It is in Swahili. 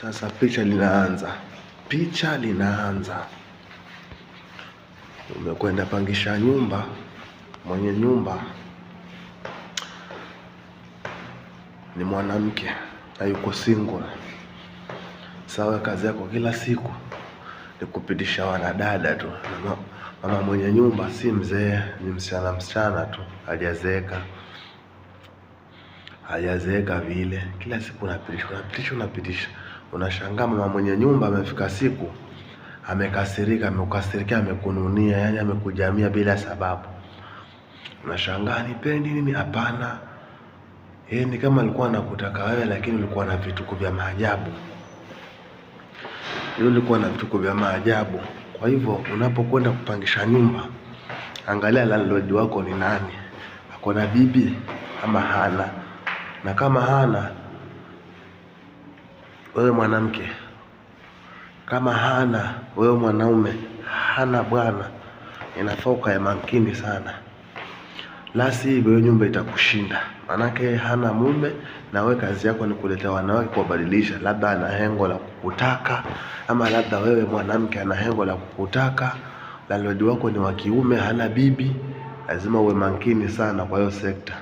Sasa picha linaanza, picha linaanza. Umekwenda pangisha nyumba, mwenye nyumba ni mwanamke yuko single. Sawa, kazi yako kila siku ni kupitisha wanadada tu. Mama mwenye nyumba si mzee, ni msichana msichana tu, hajazeeka hajazeeka vile. Kila siku unapitisha unapitisha unapitisha Unashangaa mama mwenye nyumba amefika siku amekasirika, amekukasirikia, amekununia, yani amekujamia bila sababu. Unashangaa nipendi nini? Hapana, yeye ni kama alikuwa anakutaka wewe, lakini ulikuwa na vituko vya maajabu, Yule ulikuwa na vituko vya maajabu. Kwa hivyo unapokwenda kupangisha nyumba, angalia landlord wako ni nani, akona bibi ama hana, na kama hana wewe mwanamke, kama hana wewe mwanaume, hana bwana, inafaa ukae makini sana, la sivyo hiyo nyumba itakushinda. Maanake hana mume na wewe kazi yako ni kuletea wanawake kuwabadilisha. Labda ana hengo la kukutaka, ama labda wewe mwanamke ana hengo la kukutaka, landlord wako ni wa kiume, hana bibi. Lazima uwe makini sana kwa hiyo sekta.